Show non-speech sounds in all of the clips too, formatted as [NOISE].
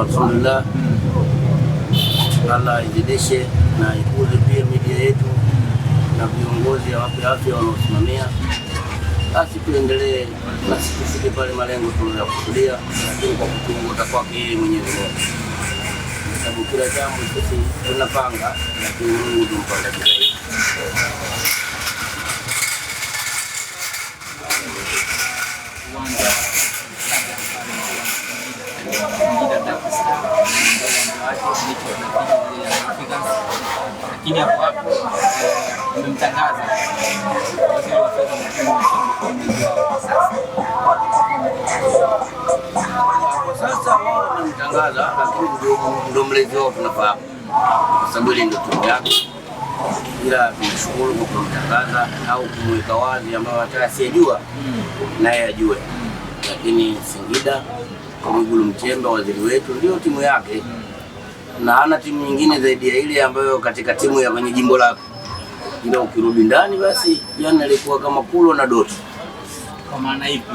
wa Rasulullah. Allah na ikuze pia media yetu na viongozi wa afya wanaosimamia, basi tuendelee na sikufike pale malengo tunayokusudia, lakini kwa kutunguta kwake yeye mwenyewe, sababu kila jambo sisi tunapanga, lakini Mungu ndiye mpangaji. kutangaza, ndo mlezi wao tunafahamu, kwa sababu ile ndio timu yako, ila tunashukuru kwa kumtangaza au kumweka wazi ambayo hata asiyejua naye ajue. Lakini Singida Mwigulu Nchemba, waziri wetu, ndio timu yake na ana timu nyingine zaidi ya ile ambayo katika timu ya kwenye jimbo lake, ila ukirudi ndani, basi jana ilikuwa kama kulo na doti kwa maana ipi?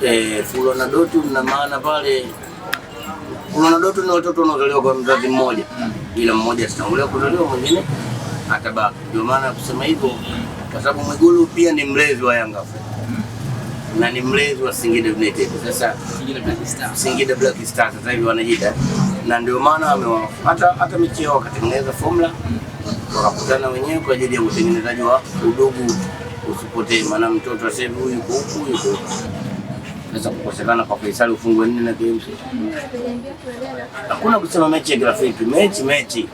E, eh, kulo na doti mna maana pale kuna Wanadoto ni watoto wanaozaliwa kwa mzazi mmoja, ila mmoja atatangulia kuzaliwa, mwingine atabaki. Ndio maana kusema hivyo, kwa sababu Mwigulu pia ni mlezi wa Yanga na ni mlezi wa Singida United. Sasa Singida Black Stars sasa hivi wanajiita, na ndio maana wamewa hata hata mechi yao wakatengeneza formula, wakakutana wenyewe kwa ajili ya utengenezaji wa udugu usipotee, maana mtoto sasa huyu huku huku tunaweza kukosekana kwa Faisal ufungwe nne na games. Hakuna kusema mechi ya grafiki mechi mechi.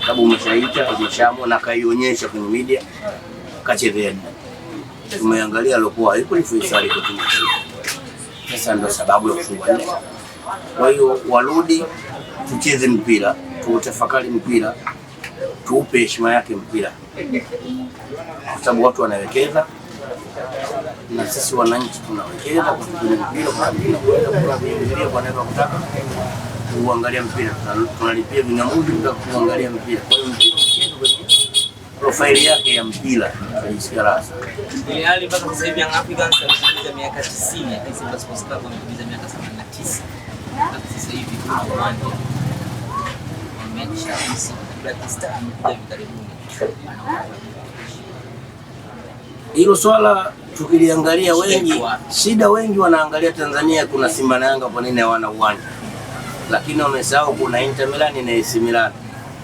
Sababu umeshaita, umeshamu na kaionyesha kwenye media kachezea. Tumeangalia alokuwa yuko ni Faisal kwa timu. Sasa ndio sababu ya kufungwa nne. Kwa hiyo warudi tucheze mpira, tutafakari mpira, tuupe heshima yake mpira. Kwa sababu watu wanawekeza na sisi wananchi tunawekeza kwa kwa kwa mpira neno kutaka kuangalia mpira, tunalipia vingamuzi kuangalia mpira. Kwa hiyo mpira ukienda profaili yake ya mpira tunajisikia raha Ile hali mpaka sasa hivi Young Africans ametimiza miaka 90, lakini Simba Sports Club ametimiza miaka 79. Mpaka sasa hivi kuna uwanja wameisha Black Star amekuja hivi karibuni. Hilo swala tukiliangalia wengi, shida wengi wanaangalia Tanzania kuna Simba na Yanga, kwa nini hawana uwanja? Lakini wamesahau kuna Inter Milan na AC Milan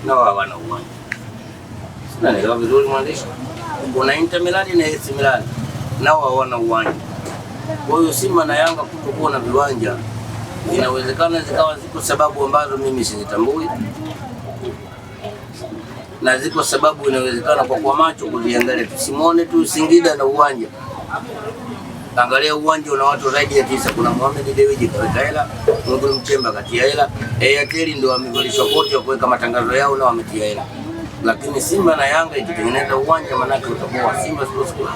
na wao hawana uwanja. Sinaelewa vizuri mwandishi, kuna Inter Milan na AC Milan na wao hawana uwanja. Kwa hiyo Simba na Yanga kutokuwa na viwanja, inawezekana zikawa ziko sababu ambazo mimi sizitambui na ziko sababu inawezekana kwa kwa macho kuziangalia, tusimwone tu Singida na uwanja Angalia uwanja una watu zaidi ya tisa. Kuna Mohamed Dewji kaweka hela, Mwigulu Nchemba katia hela, Airtel ndio wamevalishwa koti wa kuweka matangazo yao na wametia hela. Lakini Simba na Yanga ikitengeneza uwanja, manake utakuwa Simba Sports Club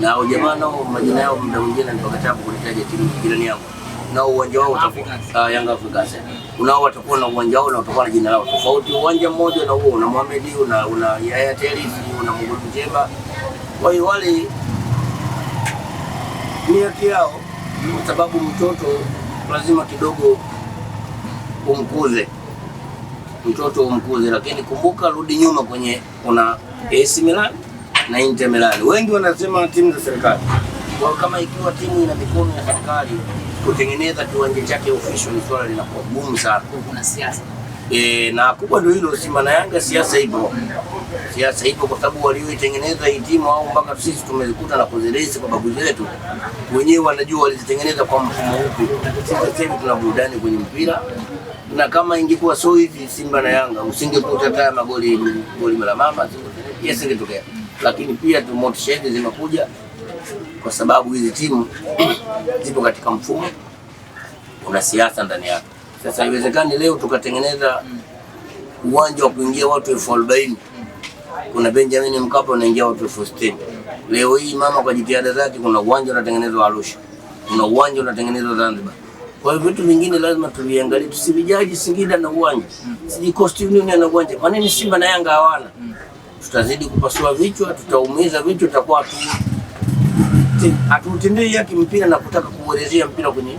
na hao jamaa nao majina yao muda mwingine ni pakatabu kulitaja timu jirani yangu na uwanja wao utakuwa ah, Yanga Africans. Unao watakuwa na uwanja wao na utakuwa na jina lao tofauti. Uwanja mmoja na huo una Mohamed, una una Airtel, una Mungu Nchemba. Kwa hiyo wale ni haki yao, kwa sababu mtoto lazima kidogo umkuze mtoto umkuze, lakini kumbuka, rudi nyuma kwenye kuna AC Milan na Inter Milan. Wengi wanasema timu za serikali, kwa kama ikiwa timu ina mikono ya serikali, kutengeneza kiwanja chake official ni swala linakuwa gumu sana. Kuna siasa E, na kubwa ndio hilo, si maana Yanga siasa ipo, siasa ipo kwa sababu walioitengeneza hii timu au mpaka sisi tumezikuta na kuziresi kwa babu zetu wenyewe wanajua walizitengeneza kwa mfumo upi. Sisi sasa hivi tuna burudani kwenye mpira, na kama ingekuwa so hivi Simba na Yanga usingekuta haya magoli goli mara mama yasingetokea, lakini pia tu motisha zimekuja kwa sababu hizi timu [COUGHS] zipo katika mfumo, kuna siasa ndani yake. Sasa haiwezekani leo tukatengeneza uwanja wa kuingia watu elfu arobaini kuna Benjamin Mkapa unaingia watu elfu sitini Leo hii mama kwa jitihada zake, kuna uwanja unatengenezwa Arusha, kuna uwanja unatengenezwa Zanzibar. Kwa hiyo vitu vingine lazima tuviangalie, tusivijaji Singida na uwanja siji Coast Union na uwanja. Kwa nini Simba na Yanga hawana? Tutazidi kupasua vichwa, tutaumiza vichwa, tutakuwa hatuutendei haki mpira na kutaka kuelezea mpira kwenye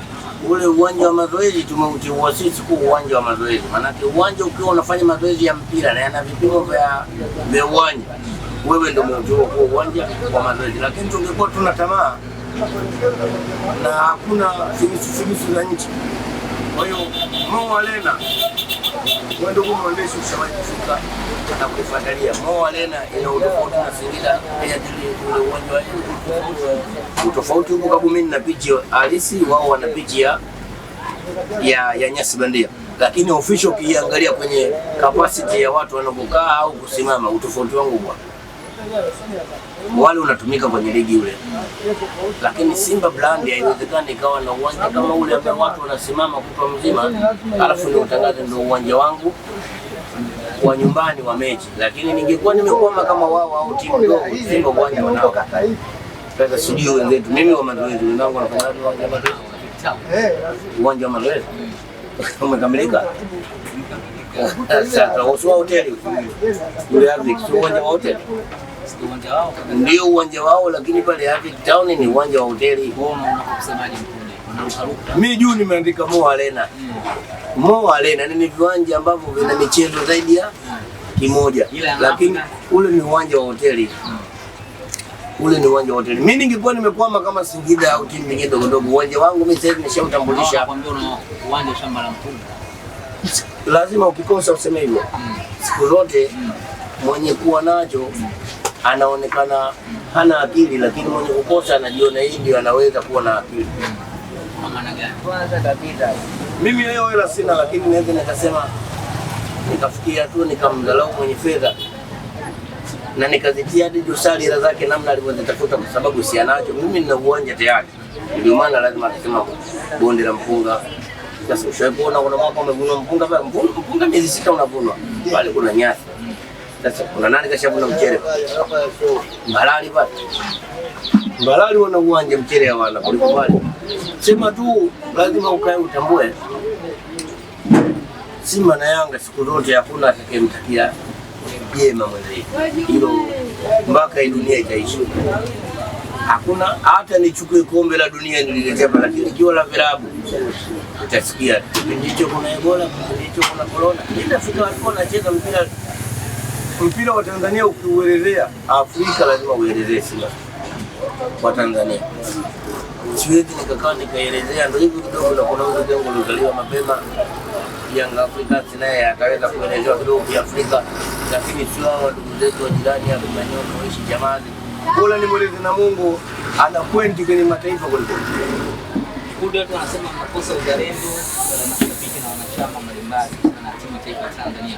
ule uwanja wa mazoezi tumeuteua sisi kuwa uwanja wa mazoezi, maanake uwanja ukiwa unafanya mazoezi ya mpira na yana vipimo vya uwanja, wewe ndio umeuteua kuwa uwanja wa mazoezi. Lakini tungekuwa tuna tamaa na hakuna simisi simisi za nchi kwa hiyo Mo Arena, wewe ndugu mwandishi, ushawahi kufika na kuifuatilia Mo Arena? Ina utofauti na Singida ule uwanja wake, utofauti huko Kagumeni na pichi halisi, wao wana pichi ya ya, ya nyasi bandia, lakini official ukiangalia kwenye capacity ya watu wanapokaa au kusimama, utofauti wangu bwana wale unatumika kwenye ligi ule, lakini Simba brand haiwezekani ikawa na uwanja kama ule ambao watu wanasimama kutwa mzima, alafu ni utangaze ndio uwanja wangu wa nyumbani wa mechi. Lakini ningekuwa nimekwama kama wao au timu ndogo, Simba uwanja wanao. pesa, sijui wenzetu, mimi wa mazoezi wenzangu wanafanya uwanja wa mazoezi, uwanja wa mazoezi [LAUGHS] umekamilika [LAUGHS] sasa, usiwa hoteli ule uwanja wa hoteli ndio uwanja wao, lakini pale Avic Town ni uwanja wa hoteli. Mimi juu nimeandika Mo Arena. Hmm. Mo Arena ni viwanja ambavyo vina michezo zaidi ya kimoja, lakini ule ni uwanja wa hoteli hmm. ule ni uwanja hoteli. Mimi ningekuwa nimekwama kama Singida au timu nyingine ndogo ndogo, uwanja wangu mimi sasa nimeshautambulisha. Uwanja shamba la mpunga, lazima ukikosa useme hivyo. Hmm. Siku zote mwenye kuwa nacho anaonekana hana akili, lakini mwenye kukosa anajiona hii ndio anaweza kuwa na akili. Kwanza kabisa mimi hiyo hela sina, lakini naweza nikasema nikafikia tu nikamdhalau mwenye fedha na nikazitia hadi dosari hela zake namna alivyozitafuta, kwa sababu si anacho. Mimi nina uwanja tayari, ndio maana lazima atasema bonde la mpunga. Sasa ushawahi kuona kuna mwaka umevunwa mpunga pale? Mpunga miezi sita unavunwa pale, kuna nyasi sasa kuna nani kashavuna mchele? Mbalali bwana. Mbalali wana uwanja mchele hawana kuliko bali. Sema tu lazima ukae utambue. Simba na Yanga siku zote hakuna atakayemtakia jema mwenzie. Hilo mpaka hii dunia itaishi. Hakuna hata nichukue kombe la dunia nililetea, lakini jua la vilabu utasikia. Ndicho kuna Ebola, ndicho kuna corona. Itafika watu wanacheza mpira mpira wa Tanzania ukiuelezea Afrika lazima uelezee Simba wa Tanzania. Siwezi nikakaa nikaelezea ndio hivi kidogo, na kuna mtu jengo alizaliwa mapema Yanga Afrika naye ataweza kuelezewa kidogo Afrika, lakini sio hawa ndugu zetu wa jirani ya Kenya wanaoishi jamani, bora ni mwelezi na Mungu ana kwenti kwenye mataifa kuliko kundi. Watu wanasema makosa uzalendo na mashabiki na wanachama mbalimbali na timu taifa Tanzania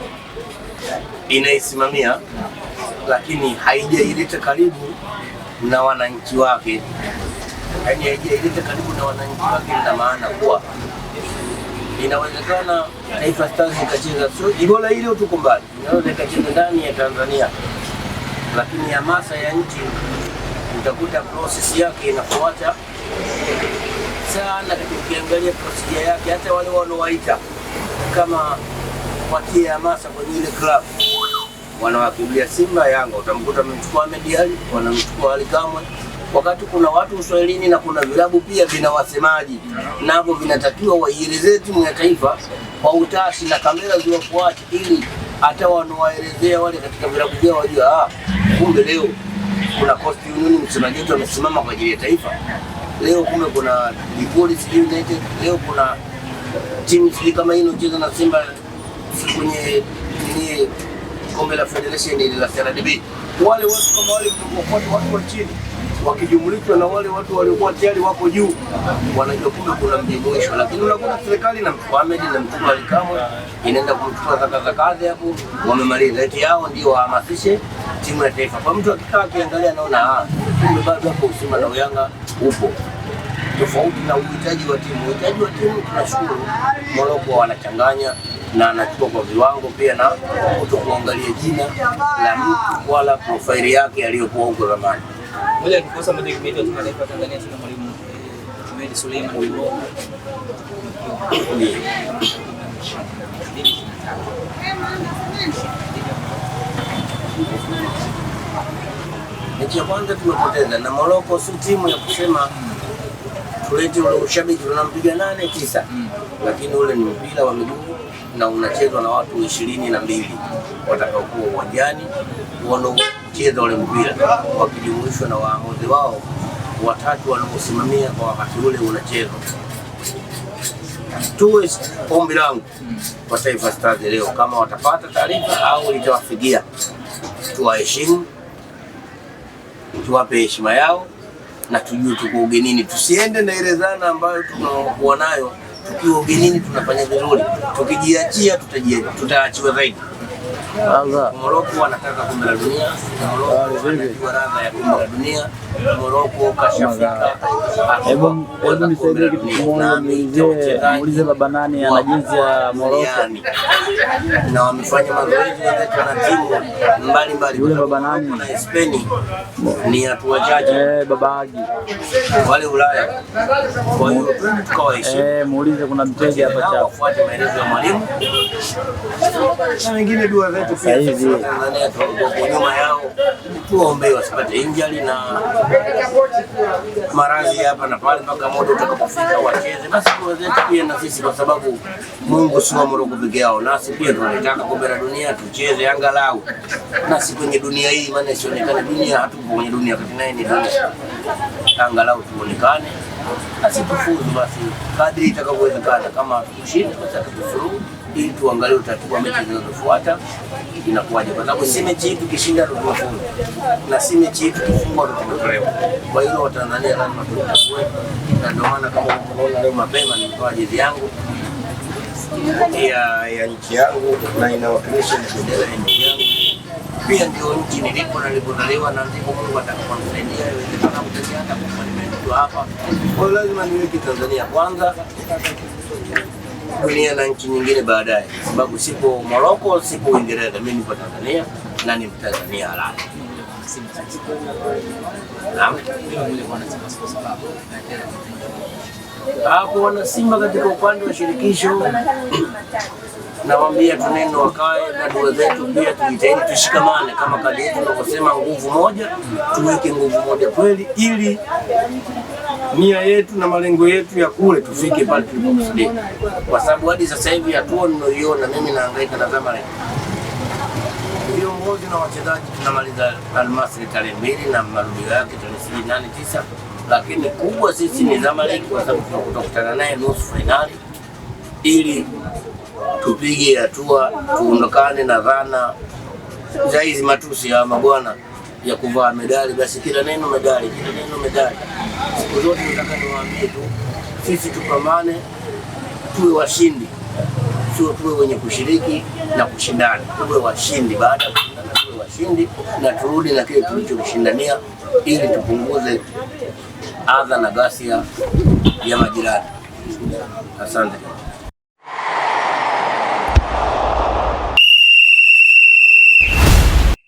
inaisimamia, lakini haijaileta karibu na wananchi wake, yaani haijaileta karibu na wananchi wake, ina maana kuwa inawezekana Taifa Stars ikacheza so, ibola ile tuko mbali, inaweza ikacheza ndani ya Tanzania, lakini hamasa ya nchi utakuta process yake inafuata sana. Katika ukiangalia procedure yake, hata wale wanaowaita kama watie hamasa kwenye ile club wanawakimbia Simba, Yanga, utamkuta wamemchukua Mediali, wanamchukua Ally Kamwe, wakati kuna watu uswahilini na kuna vilabu pia vina wasemaji, navyo vinatakiwa waielezee timu ya taifa kwa utashi na kamera ziwafuate, ili hata wanawaelezea wale katika vilabu vyao wajua, ah, kumbe leo kuna Coast Union msemaji wetu amesimama kwa ajili ya taifa leo, kumbe kuna Police United leo, kuna timu sijui kama hii inocheza na Simba kwenye kombe la Federation ile la CRDB, wale watu kama wale watu wa chini wakijumulishwa na wale watu waliokuwa tayari wako juu, wanajua kumbe kuna mjumuisho. Lakini unakuta serikali na Mohamed na mtu wa Kamwe inaenda kumchukua kazi hapo, wamemaliza eti yao ndio wahamasishe timu ya taifa. Kwa mtu akikaa akiangalia, anaona ah, kumbe bado hapo Simba na Yanga upo tofauti na uhitaji wa timu. Uhitaji wa timu tunashukuru Moroko wanachanganya na anachukua kwa viwango pia, na kuto kuangalia jina la mtu wala profaili yake aliyokuwa huko zamani. Moja Tanzania mwalimu Suleiman Mechi ya kwanza tumepoteza, na Morocco si timu ya kusema tulete ule ushabiki tunampiga nane tisa, mm. lakini ule ni mpira wa miguu na unachezwa na watu ishirini na mbili watakaokuwa uwanjani wanaocheza ule mpira wakijumuishwa na waamuzi wao watatu wanaosimamia kwa wakati ule unachezwa. Tuwe ombi langu kwa Taifa Stars leo, kama watapata taarifa au itawafikia, tuwaheshimu, tuwape heshima yao na tujue tuko ugenini, tusiende na ile dhana ambayo tunakuwa nayo tukiwa ugenini tunafanya vizuri, tukijiachia tutaachiwa zaidi. Moroko wanataka kombe la dunia, Moroko wanajua radha ya kombe la dunia, Moroko kashafika. Hebu hebu nisaidie kitu kimoja, niulize muulize baba nani ana jinsi ya Moroko, yaani, na wamefanya mazoezi na timu mbali. Yule baba nani na Hispania ni hatua chache, eh baba wale Ulaya. Kwa hiyo tukawaishi, eh muulize, kuna mteja hapa cha kufuata maelezo ya mwalimu na wengine dua sasa hivi nyuma yao, tuwaombee wasipate injali na maradhi hapa na pale, mpaka muda utakapofika wacheze basi, tuwezeke pia na sisi, kwa sababu Mungu si wa Moroko peke yao, nasi pia tunataka kombe la dunia tucheze angalau nasi kwenye dunia hii, maana isionekane dunia, hatupo kwenye dunia ni dunia, angalau tuonekane basi, tufuzu basi kadri itakavyowezekana, kama tukushinda basi tufuzu ili tuangalie utaratibu wa mechi zinazofuata inakuwaje, kwa sababu si mechi hii tukishinda tutafungwa na si mechi hii tukifungwa tutatolewa. Kwa hiyo Watanzania lazima tutambue, na ndio maana kama unaona leo mapema nimetoa jezi yangu ya ya nchi yangu na inawakilisha bendera ya nchi yangu, pia ndio nchi nilipo na nilipozaliwa, na ndipo Mungu atakaponisaidia iwezekana kutembea hata kwa hapa. Kwa hiyo lazima niweke Tanzania kwanza kuenea na nchi nyingine baadaye, sababu sipo Morocco, sipo Uingereza, mimi niko Tanzania na ni Mtanzania halali. Hapo wanasimba katika upande wa shirikisho [CLEARS THROAT] nawambia, tuneno wakae na dua zetu, pia tujitahidi tushikamane, kama kadi yetu tunavyosema, nguvu moja, tuweke nguvu moja kweli ili nia yetu na malengo yetu ya kule tufike pale tulipokusudia, kwa sababu hadi sasa hivi hatua ninayoiona mimi naangaika na kama viongozi na wachezaji tunamaliza Almasri tarehe mbili na marudio yake tarehe nane tisa, lakini kubwa sisi ni Zamalek kwa sababu tutakutana naye nusu fainali ili tupige hatua tuondokane na dhana za hizi matusi ya mabwana ya kuvaa medali, basi kila neno medali, kila neno medali. Siku zote nataka niwaambie tu, sisi tupambane, tuwe washindi, sio tuwe wenye kushiriki na kushindana, tuwe washindi. Baada ya kushindana, tuwe washindi na turudi na kile tulichoshindania ili tupunguze adha na ghasia ya majirani. Asante.